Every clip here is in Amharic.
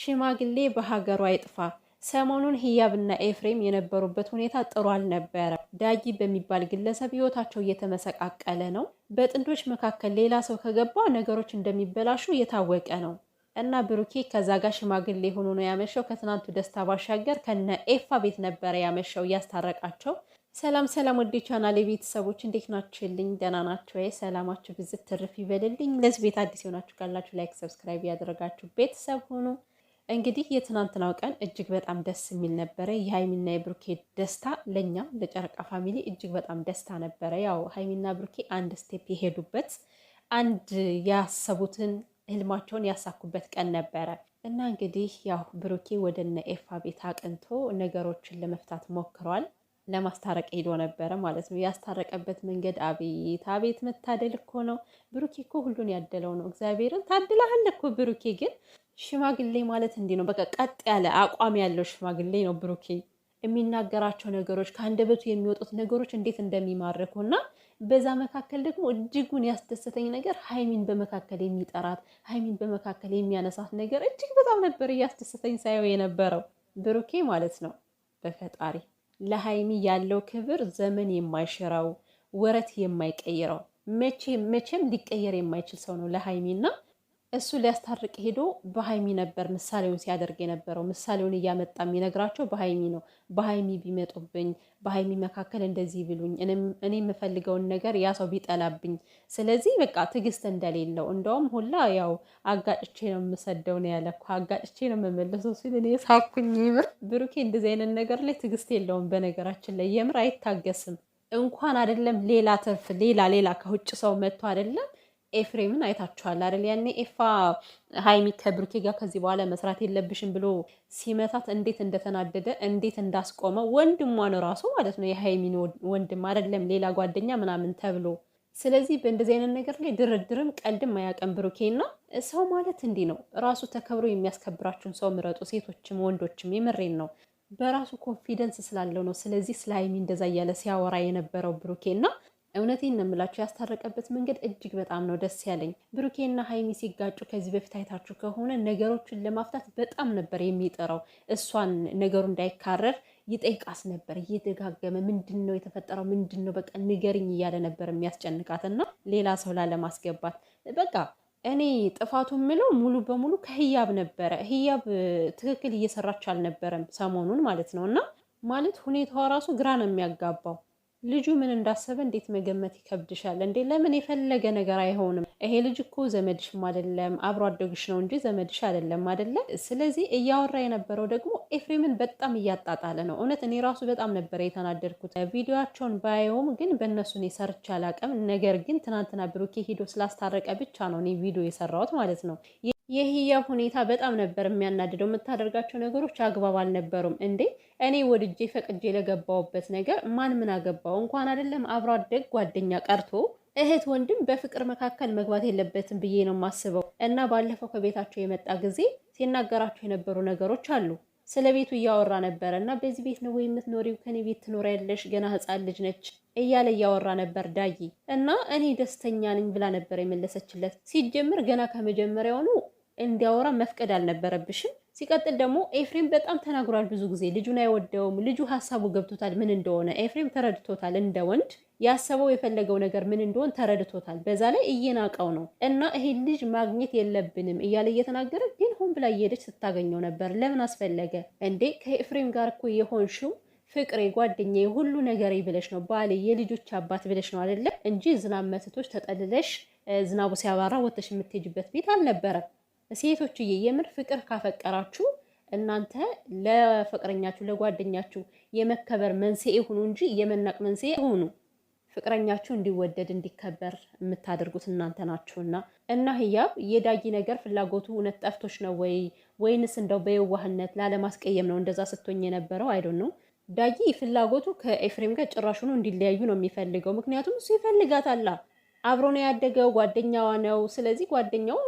ሽማግሌ በሀገሩ አይጥፋ። ሰሞኑን ህያብና ኤፍሬም የነበሩበት ሁኔታ ጥሩ አልነበረ። ዳጊ በሚባል ግለሰብ ህይወታቸው እየተመሰቃቀለ ነው። በጥንዶች መካከል ሌላ ሰው ከገባ ነገሮች እንደሚበላሹ እየታወቀ ነው እና ብሩኬ ከዛ ጋር ሽማግሌ ሆኖ ነው ያመሸው። ከትናንቱ ደስታ ባሻገር ከነ ኤፋ ቤት ነበረ ያመሸው እያስታረቃቸው። ሰላም ሰላም፣ ወደ ቻናል የቤተሰቦች እንዴት ናችሁልኝ? ደህና ናቸው። ሰላማችሁ ብዝት ትርፍ ይበልልኝ። ለዚህ ቤት አዲስ የሆናችሁ ካላችሁ ላይክ፣ ሰብስክራይብ ያደረጋችሁ ቤተሰብ ሆኑ እንግዲህ የትናንትናው ቀን እጅግ በጣም ደስ የሚል ነበረ። የሀይሚና የብሩኬ ደስታ ለእኛም ለጨረቃ ፋሚሊ እጅግ በጣም ደስታ ነበረ። ያው ሀይሚና ብሩኬ አንድ ስቴፕ የሄዱበት አንድ ያሰቡትን ህልማቸውን ያሳኩበት ቀን ነበረ እና እንግዲህ ያው ብሩኬ ወደ እነ ኤፋ ቤት አቅንቶ ነገሮችን ለመፍታት ሞክሯል። ለማስታረቅ ሄዶ ነበረ ማለት ነው። ያስታረቀበት መንገድ አቤት አቤት መታደል እኮ ነው። ብሩኬ እኮ ሁሉን ያደለው ነው። እግዚአብሔርን ታድላህል እኮ ብሩኬ ግን ሽማግሌ ማለት እንዲህ ነው። በቃ ቀጥ ያለ አቋም ያለው ሽማግሌ ነው ብሩኬ። የሚናገራቸው ነገሮች ከአንደበቱ የሚወጡት ነገሮች እንዴት እንደሚማርኩ እና በዛ መካከል ደግሞ እጅጉን ያስደሰተኝ ነገር ሀይሚን በመካከል የሚጠራት ሀይሚን በመካከል የሚያነሳት ነገር እጅግ በጣም ነበር እያስደሰተኝ ሳየው የነበረው ብሩኬ ማለት ነው። በፈጣሪ ለሀይሚ ያለው ክብር ዘመን የማይሽረው ወረት የማይቀይረው መቼም መቼም ሊቀየር የማይችል ሰው ነው ለሀይሚ ና። እሱ ሊያስታርቅ ሄዶ በሀይሚ ነበር ምሳሌውን ሲያደርግ የነበረው። ምሳሌውን እያመጣ የሚነግራቸው በሀይሚ ነው። በሀይሚ ቢመጡብኝ፣ በሀይሚ መካከል እንደዚህ ብሉኝ፣ እኔ የምፈልገውን ነገር ያ ሰው ቢጠላብኝ፣ ስለዚህ በቃ ትዕግስት እንደሌለው እንደውም ሁላ ያው አጋጭቼ ነው የምሰደው ነው ያለ እኮ አጋጭቼ ነው የምመለሰው ሲል እኔ ሳኩኝ። ይምር ብሩኬ እንደዚህ አይነት ነገር ላይ ትዕግስት የለውም። በነገራችን ላይ የምር አይታገስም። እንኳን አይደለም ሌላ ትርፍ ሌላ ሌላ ከውጭ ሰው መጥቶ አይደለም ኤፍሬምን አይታችኋል አይደል? ያኔ ኤፋ ሀይሚ ከብሩኬ ጋር ከዚህ በኋላ መስራት የለብሽም ብሎ ሲመታት እንዴት እንደተናደደ እንዴት እንዳስቆመ ወንድሟ ራሱ ማለት ነው የሀይሚን ወንድም አይደለም ሌላ ጓደኛ ምናምን ተብሎ ስለዚህ በእንደዚህ አይነት ነገር ላይ ድርድርም ቀልድም አያውቅም ብሩኬ። እና ሰው ማለት እንዲህ ነው፣ ራሱ ተከብሮ የሚያስከብራችሁን ሰው ምረጡ፣ ሴቶችም ወንዶችም። የምሬን ነው። በራሱ ኮንፊደንስ ስላለው ነው። ስለዚህ ስለ ሀይሚ እንደዛ እያለ ሲያወራ የነበረው ብሩኬ እና እውነቴን ነው ያስታረቀበት መንገድ እጅግ በጣም ነው ደስ ያለኝ። ብሩኬና ሀይሚ ሲጋጩ ከዚህ በፊት አይታችሁ ከሆነ ነገሮችን ለማፍታት በጣም ነበር የሚጠራው። እሷን ነገሩ እንዳይካረር ይጠይቃስ ነበር እየደጋገመ ምንድን ነው የተፈጠረው? ምንድን ነው በቃ ንገርኝ እያለ ነበር የሚያስጨንቃትና ሌላ ሰው ላለማስገባት በቃ እኔ ጥፋቱ የምለው ሙሉ በሙሉ ከህያብ ነበረ። ህያብ ትክክል እየሰራች አልነበረም ሰሞኑን ማለት ነው። እና ማለት ሁኔታዋ ራሱ ግራ ነው የሚያጋባው ልጁ ምን እንዳሰበ እንዴት መገመት ይከብድሻል እንዴ? ለምን የፈለገ ነገር አይሆንም። ይሄ ልጅ እኮ ዘመድሽም አይደለም አብሮ አደግሽ ነው እንጂ ዘመድሽ አይደለም አይደለ? ስለዚህ እያወራ የነበረው ደግሞ ኤፍሬምን በጣም እያጣጣለ ነው። እውነት እኔ ራሱ በጣም ነበረ የተናደድኩት። ቪዲዮቸውን ባየውም ግን በእነሱ እኔ ሰርቼ አላውቅም። ነገር ግን ትናንትና ብሩኬ ሄዶ ስላስታረቀ ብቻ ነው እኔ ቪዲዮ የሰራሁት ማለት ነው። የህያ ሁኔታ በጣም ነበር የሚያናድደው። የምታደርጋቸው ነገሮች አግባብ አልነበሩም። እንዴ እኔ ወድጄ ፈቅጄ ለገባውበት ነገር ማን ምን አገባው? እንኳን አይደለም አብሮ አደግ ጓደኛ ቀርቶ እህት ወንድም በፍቅር መካከል መግባት የለበትም ብዬ ነው የማስበው። እና ባለፈው ከቤታቸው የመጣ ጊዜ ሲናገራቸው የነበሩ ነገሮች አሉ። ስለ ቤቱ እያወራ ነበረ እና በዚህ ቤት ነው ወይ የምትኖሪው? ከኔ ቤት ያለሽ ገና ህፃን ልጅ ነች እያለ እያወራ ነበር ዳይ እና እኔ ደስተኛ ነኝ ብላ ነበር የመለሰችለት። ሲጀምር ገና ከመጀመሪያውኑ እንዲያወራ መፍቀድ አልነበረብሽም። ሲቀጥል ደግሞ ኤፍሬም በጣም ተናግሯል። ብዙ ጊዜ ልጁን አይወደውም። ልጁ ሀሳቡ ገብቶታል ምን እንደሆነ። ኤፍሬም ተረድቶታል። እንደ ወንድ ያሰበው የፈለገው ነገር ምን እንደሆን ተረድቶታል። በዛ ላይ እየናቀው ነው እና ይሄ ልጅ ማግኘት የለብንም እያለ እየተናገረ ግን ሆን ብላ እየሄደች ስታገኘው ነበር። ለምን አስፈለገ እንዴ? ከኤፍሬም ጋር እኮ የሆንሽው ፍቅሬ ጓደኛዬ ሁሉ ነገሬ ብለሽ ነው፣ ባሌ የልጆች አባት ብለሽ ነው አይደለም እንጂ ዝናብ መትቶች ተጠልለሽ ዝናቡ ሲያባራ ወጥተሽ የምትሄጅበት ቤት አልነበረም። ሴቶችዬ የምር ፍቅር ካፈቀራችሁ እናንተ ለፍቅረኛችሁ ለጓደኛችሁ የመከበር መንስኤ ሁኑ እንጂ የመናቅ መንስኤ ሁኑ። ፍቅረኛችሁ እንዲወደድ እንዲከበር የምታደርጉት እናንተ ናችሁና። እና ህያብ የዳጊ ነገር ፍላጎቱ እውነት ጠፍቶች ነው ወይ ወይንስ እንደው በየዋህነት ላለማስቀየም ነው እንደዛ ስትሆኝ የነበረው? አይዶ ነው ዳጊ ፍላጎቱ ከኤፍሬም ጋር ጭራሹኑ እንዲለያዩ ነው የሚፈልገው። ምክንያቱም እሱ ይፈልጋታል። አብሮ ነው ያደገው፣ ጓደኛዋ ነው። ስለዚህ ጓደኛው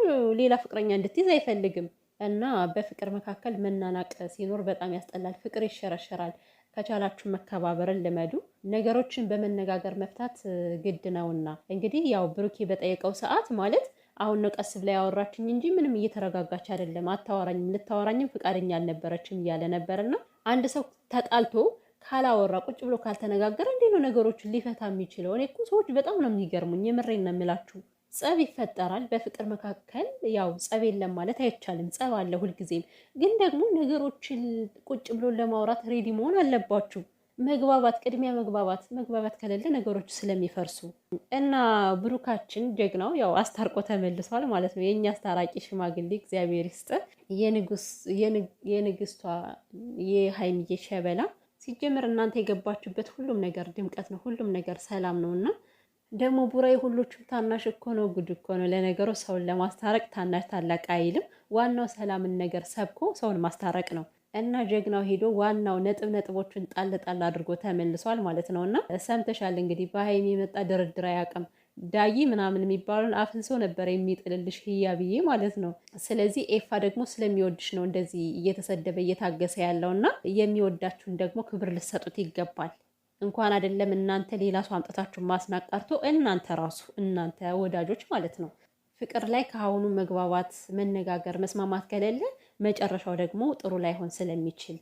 ሌላ ፍቅረኛ እንድትይዝ አይፈልግም እና በፍቅር መካከል መናናቅ ሲኖር በጣም ያስጠላል። ፍቅር ይሸረሸራል። ከቻላችሁ መከባበርን ልመዱ። ነገሮችን በመነጋገር መፍታት ግድ ነውና እንግዲህ ያው ብሩኬ በጠየቀው ሰዓት ማለት አሁን ነው ቀስ ብላ ያወራችኝ እንጂ ምንም እየተረጋጋች አይደለም፣ አታወራኝም፣ ልታወራኝም ፍቃደኛ አልነበረችም እያለ ነበርና አንድ ሰው ተጣልቶ ካላወራ ቁጭ ብሎ ካልተነጋገረ እንዴት ነው ነገሮችን ሊፈታ የሚችለው? እኔ እኮ ሰዎች በጣም ነው የሚገርሙኝ። የምሬን ነው የምላችሁ። ጸብ ይፈጠራል በፍቅር መካከል። ያው ጸብ የለም ማለት አይቻልም፣ ጸብ አለ ሁልጊዜም። ግን ደግሞ ነገሮችን ቁጭ ብሎ ለማውራት ሬዲ መሆን አለባችሁ። መግባባት፣ ቅድሚያ መግባባት። መግባባት ከሌለ ነገሮች ስለሚፈርሱ እና ብሩካችን ጀግናው ያው አስታርቆ ተመልሷል ማለት ነው። የእኛ አስታራቂ ሽማግሌ እግዚአብሔር ይስጥ። የንግስቷ የሀይሚዬ ሸበላ ሲጀምር እናንተ የገባችሁበት ሁሉም ነገር ድምቀት ነው፣ ሁሉም ነገር ሰላም ነው። እና ደግሞ ቡራ ሁሎቹም ታናሽ እኮ ነው፣ ጉድ እኮ ነው። ለነገሩ ሰውን ለማስታረቅ ታናሽ ታላቅ አይልም። ዋናው ሰላምን ነገር ሰብኮ ሰውን ማስታረቅ ነው። እና ጀግናው ሄዶ ዋናው ነጥብ ነጥቦችን ጣል ጣል አድርጎ ተመልሷል ማለት ነው። እና ሰምተሻል እንግዲህ በሀይሚ የመጣ ድርድር አያውቅም። ዳጊ ምናምን የሚባለውን አፍንሶ ነበረ የሚጥልልሽ ህያ ብዬ ማለት ነው። ስለዚህ ኤፋ ደግሞ ስለሚወድሽ ነው እንደዚህ እየተሰደበ እየታገሰ ያለው እና የሚወዳችሁን ደግሞ ክብር ልሰጡት ይገባል። እንኳን አይደለም እናንተ ሌላ ሰው አምጥታችሁ ማስናቃርቶ እናንተ ራሱ እናንተ ወዳጆች ማለት ነው ፍቅር ላይ ከአሁኑ መግባባት፣ መነጋገር፣ መስማማት ከሌለ መጨረሻው ደግሞ ጥሩ ላይሆን ስለሚችል